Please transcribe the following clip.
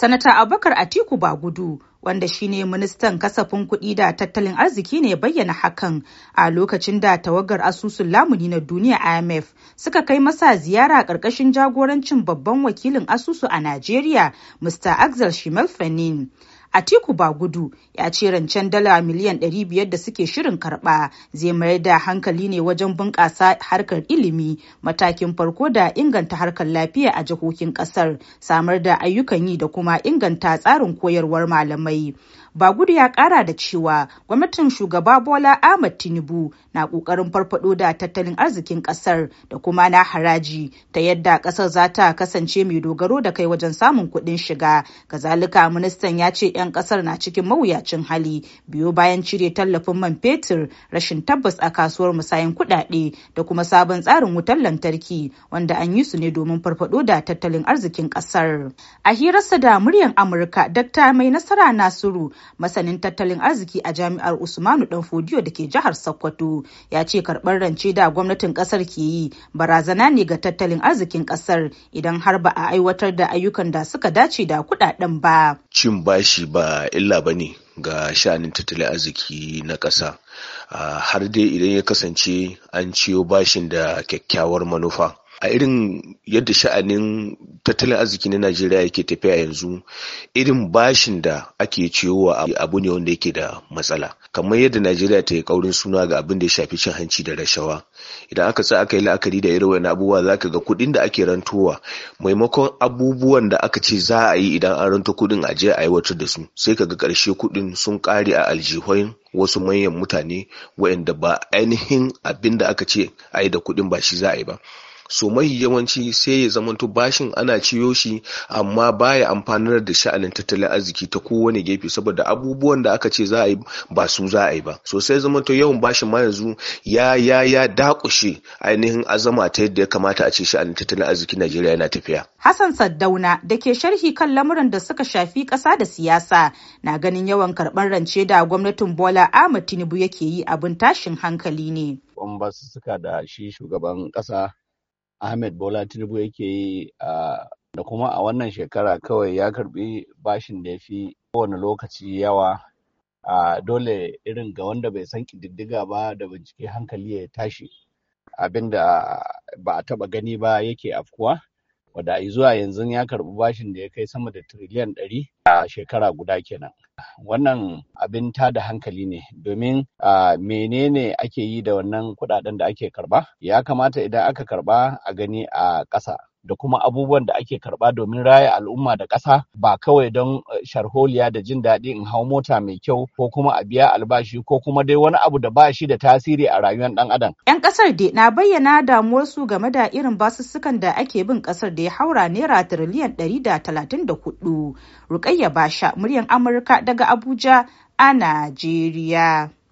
Sanata Abubakar Atiku Bagudu wanda shine ministan kasafin kuɗi da tattalin arziki ne bayyana hakan a lokacin da tawagar asusun lamuni na duniya IMF suka kai masa ziyara ƙarƙashin jagorancin babban wakilin asusu a Najeriya Mr. Axel Shimel Atiku Bagudu ya ce rancen dala miliyan 500 da suke shirin karɓa zai mayar da hankali ne wajen bunƙasa harkar ilimi matakin farko da inganta harkar lafiya a jihohin ƙasar samar da ayyukan yi da kuma inganta tsarin koyarwar malamai. Bagudu ya kara da cewa gwamnatin shugaba Bola Ahmad Tinubu na kokarin farfado da tattalin arzikin kasar da kuma na haraji ta yadda kasar za ta kasance mai dogaro da kai wajen samun kuɗin shiga. ga zalika ministan ya ce 'yan kasar na cikin mawuyacin hali biyo bayan cire tallafin man fetur rashin tabbas a kasuwar musayan kuɗaɗe da kuma sabon tsarin wutar lantarki wanda an yi su ne domin farfado da tattalin arzikin kasar. A hirarsa da muryar Amurka, Dakta Mai Nasara Nasiru masanin tattalin arziki a jami'ar usmanu dan fodiyo da ke jihar sokoto ya ce karɓar rance da gwamnatin ƙasar ke yi barazana ne ga tattalin arzikin ƙasar idan har ba a aiwatar da ayyukan da suka dace da kuɗaɗen ba cin bashi ba illa ba ne ga sha'anin tattalin arziki na ƙasa ah, har dai idan ya kasance an ciyo bashin da kyakkyawar manufa a irin yadda sha'anin tattalin arziki na najeriya yake tafiya yanzu irin bashin da ake ciyowa abu ne wanda yake da matsala kamar yadda najeriya ta yi kaurin suna ga abin da ya shafi cin hanci da rashawa idan aka sa aka yi la'akari da irin wani abubuwa za ka ga kuɗin da ake rantowa maimakon abubuwan da aka ce za a yi idan an ranto kuɗin a je a aiwatar da su sai ka ga karshe kuɗin sun kare a aljihun wasu manyan mutane waɗanda ba ainihin abin da aka ce a yi da kuɗin ba shi za a yi ba so mai yawanci sai ya zamanto bashin ana ciyo shi amma baya amfanar da sha'anin tattalin arziki ta kowane gefe saboda abubuwan da aka ce za a yi ba su za a yi ba so sai zamanto yawan bashin ma yanzu ya ya ya dakushe ainihin azama ta yadda ya kamata a ce sha'anin tattalin arziki Najeriya yana tafiya Hassan Saddauna da ke sharhi kan lamuran da suka shafi ƙasa da siyasa na ganin yawan karɓar rance da gwamnatin Bola Ahmed Tinubu yake yi abin tashin hankali ne. Ban suka da shi shugaban ƙasa Ahmed Bola Tinubu yake yi da kuma a wannan shekara kawai ya karbi bashin da ya fi kowane lokaci yawa a dole irin ga wanda bai san kididdiga ba da bincike hankali ya tashi Abinda ba a taba gani ba yake afkuwa wadda zuwa yanzu ya karbi bashin da ya kai sama da tiriliyan ɗari a shekara guda kenan. wannan abin ta da hankali ne domin a menene ake yi da wannan kuɗaɗen da ake karɓa, ya kamata idan aka karɓa a gani a ƙasa da kuma abubuwan da ake karɓa domin raya al'umma da ƙasa ba kawai don eh, sharholiya da jin daɗi in hau mota mai kyau ko kuma a biya albashi ko kuma dai wani abu da ba shi da tasiri a rayuwar ɗan adam. 'Yan ƙasar dai na bayyana damuwarsu game da irin basussukan da ake bin ƙasar da ya haura naira tiriliyan ɗari da talatin da hudu. Rukayya Basha, muryar Amurka daga Abuja a Najeriya.